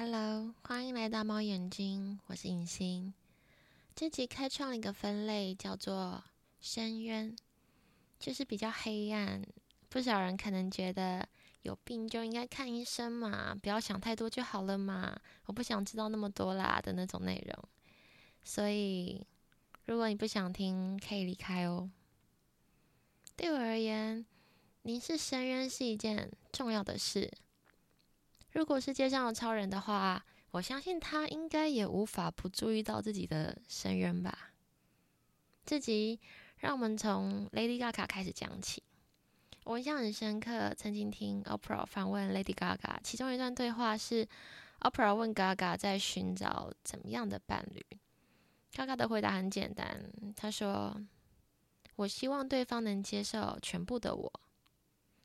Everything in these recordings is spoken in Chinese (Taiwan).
Hello，歡迎來到貓眼睛，我是影星。這集開創了一個分類，叫做“深淵”，就是比較黑暗。不少人可能覺得有病就應該看醫生嘛，不要想太多就好了嘛。我不想知道那麼多啦的那種內容。所以，如果你不想聽，可以離開哦。對我而言，凝視深淵是一件重要的事。如果是街上的超人的話，我相信他應該也無法不注意到自己的深淵吧。這集讓我們從 Lady Gaga 開始講起。我印象很深刻，曾經聽 Oprah 訪問 Lady Gaga，其中一段對話是 Oprah 問 Gaga 在尋找怎麼樣的伴侶，Gaga 的回答很簡單，他說：“我希望對方能接受全部的我。”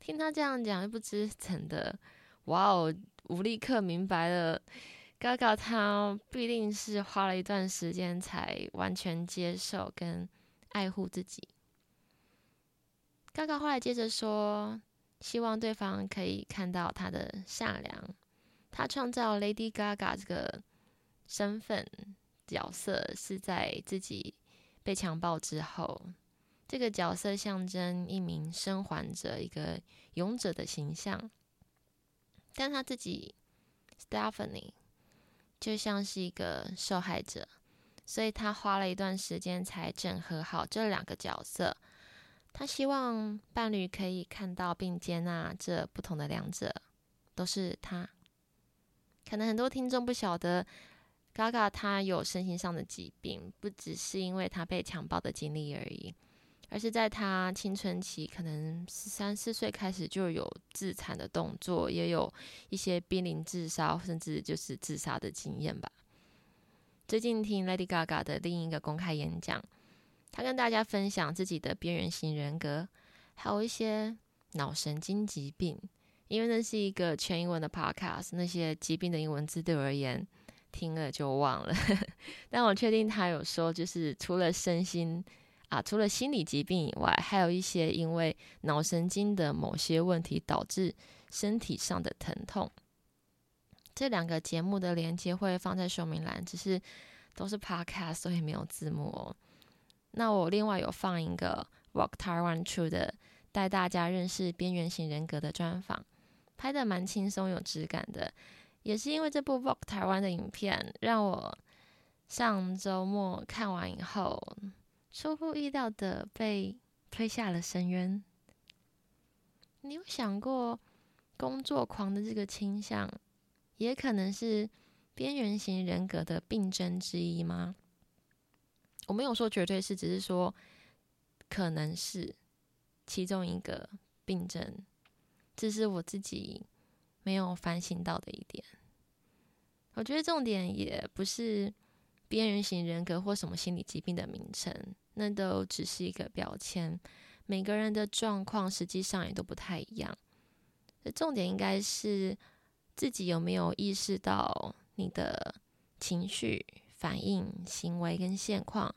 聽他這樣講，又不知怎的，哇哦！我立刻明白了，Gaga 他必定是花了一段時間才完全接受跟愛護自己。Gaga 後來接着說，希望對方可以看到他的善良。他創造 Lady Gaga 這個身份角色是在自己被強暴之後，這個角色象徵一名生還者、一個勇者的形象。像他自己，Stephanie，就像是一個受害者，所以他花了一段時間才整合好這兩個角色。他希望伴侶可以看到並接納這不同的兩者，都是他。可能很多聽眾不曉得，Gaga 他有身心上的疾病，不只是因為他被強暴的經歷而已。而是在他青春期，可能十三四歲開始就有自殘的動作，也有一些瀕臨自殺，甚至就是自殺的經驗吧。最近聽 Lady Gaga 的另一個公開演講，她跟大家分享自己的邊緣型人格，還有一些腦神經疾病。因為那是一個全英文的 Podcast，那些疾病的英文字對我而言聽了就忘了，呵呵，但我確定她有說，就是除了身心。啊，除了心理疾病以外，還有一些因為腦神經的某些問題導致身體上的疼痛。這兩個節目的連接會放在說明欄，只是都是 podcast，所以沒有字幕哦。那我另外有放一個《Walk Taiwan》出的，帶大家認識邊緣型人格的專訪，拍得蠻輕鬆有質感的。也是因為這部《Walk Taiwan》的影片，讓我上周末看完以後。出乎意料的被推下了深淵。你有想過，工作狂的這個傾向，也可能是邊緣型人格的病症之一嗎？我沒有說絕對是，只是說可能是其中一個病症。這是我自己沒有反省到的一點。我覺得重點也不是。邊緣型人格或什麼心理疾病的名稱，那都只是一個標籤。每個人的狀況實際上也都不太一樣。那重點應該是自己有沒有意識到你的情緒反應、行為跟現況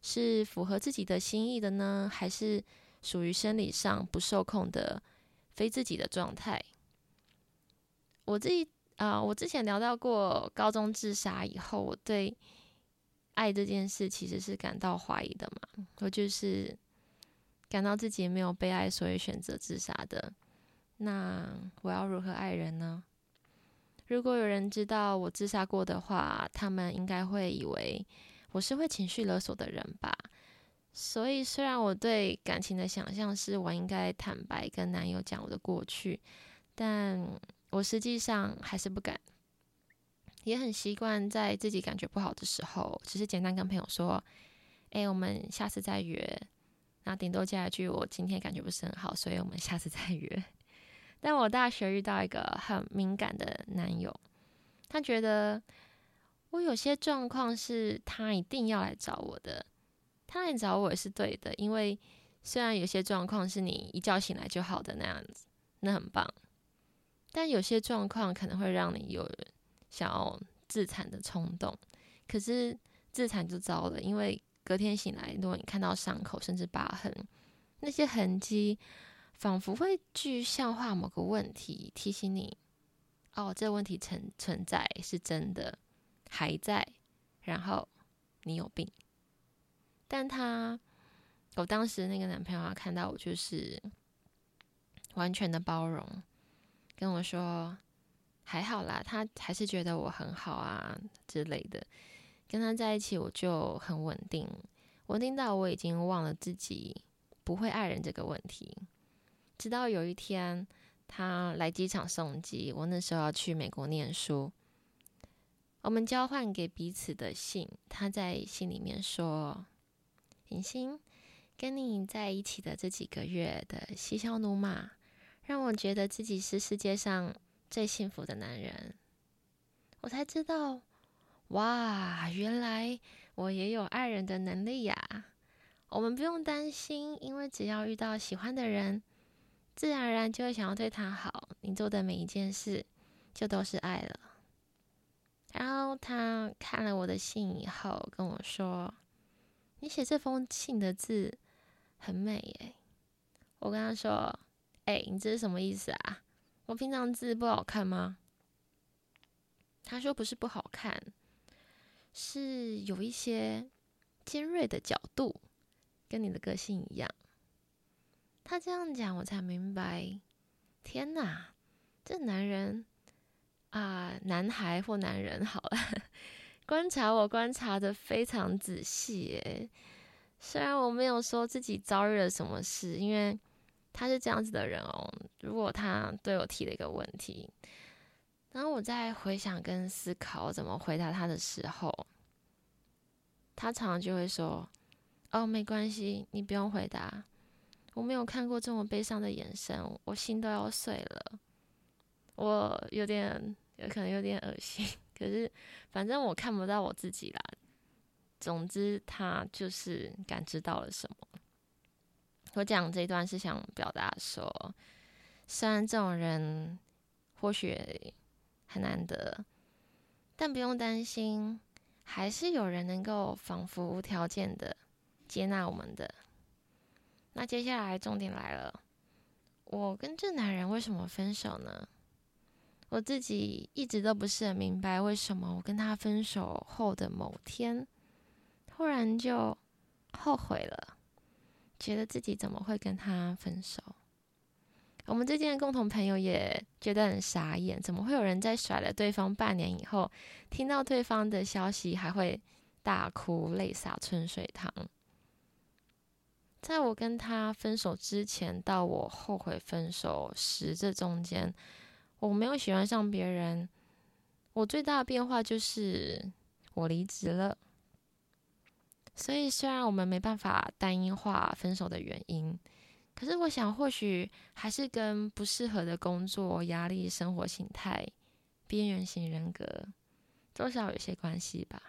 是符合自己的心意的呢，還是屬於生理上不受控的非自己的狀態？我自己啊、呃，我之前聊到過高中自殺以後，我對愛這件事其實是感到懷疑的嘛，我就是感到自己沒有被愛，所以選擇自殺的。那我要如何愛人呢？如果有人知道我自殺過的話，他們應該會以為我是會情緒勒索的人吧。所以雖然我對感情的想象是我應該坦白跟男友講我的過去，但我實際上還是不敢。也很習慣在自己感覺不好的時候，只是簡單跟朋友說：“欸，我們下次再約。”那頂多加一句：“我今天感覺不是很好，所以我們下次再約。”但我大學遇到一個很敏感的男友，他覺得我有些狀況是他一定要來找我的。他來找我也是對的，因為雖然有些狀況是你一覺醒來就好的那樣子，那很棒，但有些狀況可能會讓你有想要自殘的衝動，可是自殘就糟了，因為隔天醒來，如果你看到傷口甚至疤痕，那些痕跡仿佛會具象化某個問題，提醒你：哦，這個問題存存在是真的，還在。然後你有病。但他，我當時那個男朋友啊看到我，就是完全的包容，跟我說。還好啦，他還是覺得我很好啊之類的。跟他在一起，我就很穩定，穩定到我已經忘了自己不會愛人這個問題。直到有一天，他來機場送機，我那時候要去美國念書，我們交換給彼此的信。他在信裡面說：“穎欣，跟你在一起的這幾個月的嬉笑怒罵，讓我覺得自己是世界上。”最幸福的男人，我才知道，哇，原來我也有愛人的能力呀！我們不用擔心，因為只要遇到喜歡的人，自然而然就會想要對他好。你做的每一件事，就都是愛了。然後他看了我的信以後，跟我說：“你寫這封信的字很美耶。”我跟他說：“哎，你這是什麼意思啊？”我平常字不好看嗎？他說不是不好看，是有一些尖銳的角度，跟你的個性一樣。他這樣講，我才明白。天哪，這男人啊、呃，男孩或男人好了，呵呵觀察我觀察得非常仔細。誒，雖然我沒有說自己遭遇了什麼事，因為。他是這樣子的人哦。如果他對我提了一個問題，然後我在回想跟思考怎麼回答他的時候，他常常就會說：“哦，沒關係，你不用回答。”我沒有看過這麼悲傷的眼神，我心都要碎了。我有點，有可能有點噁心。可是，反正我看不到我自己啦。總之，他就是感知到了什麼。我講這一段是想表達說，雖然這種人或許很難得，但不用擔心，還是有人能夠仿佛無條件的接納我們的。那接下來重點來了，我跟這男人為什麼分手呢？我自己一直都不是很明白，為什麼我跟他分手後的某天，突然就後悔了。覺得自己怎麼會跟他分手？我們之間的共同朋友也覺得很傻眼，怎麼會有人在甩了對方半年以後，聽到對方的消息還會大哭淚灑春水堂。在我跟他分手之前到我後悔分手時這中間，我沒有喜歡上別人。我最大的變化就是我離職了。所以，雖然我們沒辦法單一化分手的原因，可是我想，或許還是跟不適合的工作、壓力、生活形態、邊緣型人格，多少有些關係吧。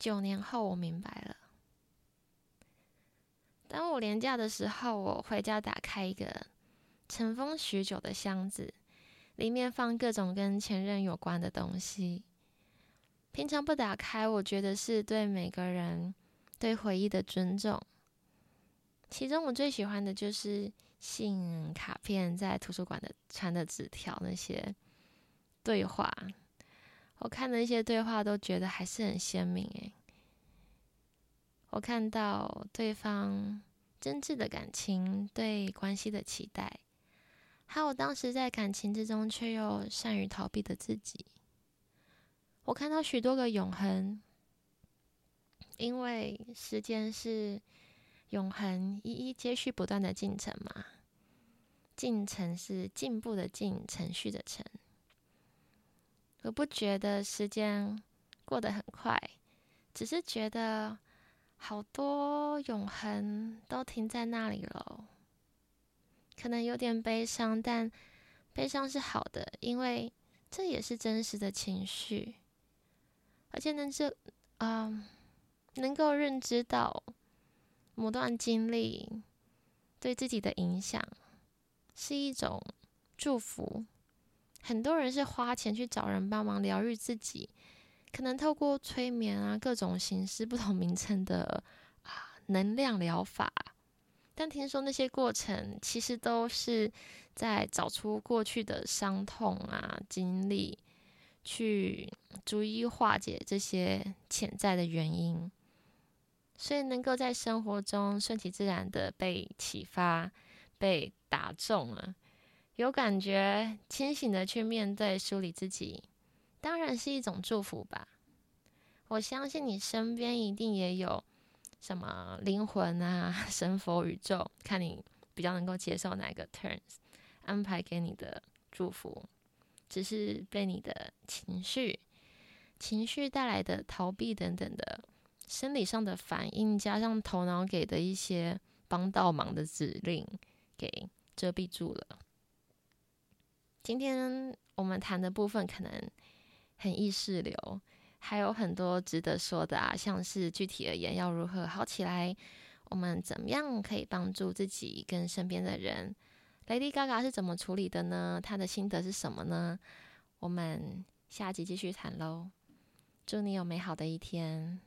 九年後，我明白了。當我連假的時候，我回家打開一個塵封許久的箱子，裡面放各種跟前任有關的東西。平常不打開，我覺得是對每個人對回憶的尊重。其中我最喜歡的就是信、卡片，在圖書館的傳的紙條那些對話。我看的一些對話，都覺得還是很鮮明耶。誒，我看到對方真摯的感情，對關係的期待，還有當時在感情之中卻又善於逃避的自己。我看到許多個永恆，因為時間是永恆，一一接續不斷的進程嘛。進程是進步的進，程序的程。我不覺得時間過得很快，只是覺得好多永恆都停在那裡囉。可能有點悲傷，但悲傷是好的，因為這也是真實的情緒。而且呢，這，啊，能夠認知到某段經歷對自己的影響，是一種祝福。很多人是花錢去找人幫忙療癒自己，可能透過催眠啊，各種形式、不同名稱的啊能量療法。但聽說那些過程其實都是在找出過去的傷痛啊，經歷。去逐一化解這些潛在的原因，所以能夠在生活中順其自然的被啟發、被打中了、啊，有感覺、清醒的去面對、梳理自己，當然是一種祝福吧。我相信你身邊一定也有什麼靈魂啊、神佛、宇宙，看你比較能夠接受哪個 turns 安排給你的祝福。只是被你的情緒、情緒帶來的逃避等等的生理上的反應，加上頭腦給的一些幫倒忙的指令，給遮蔽住了。今天我們談的部分可能很意識流，還有很多值得說的啊，像是具體而言要如何好起來，我們怎麼樣可以幫助自己跟身邊的人。Lady Gaga 是怎麼處理的呢？她的心得是什麼呢？我們下集繼續談嘍。祝你有美好的一天。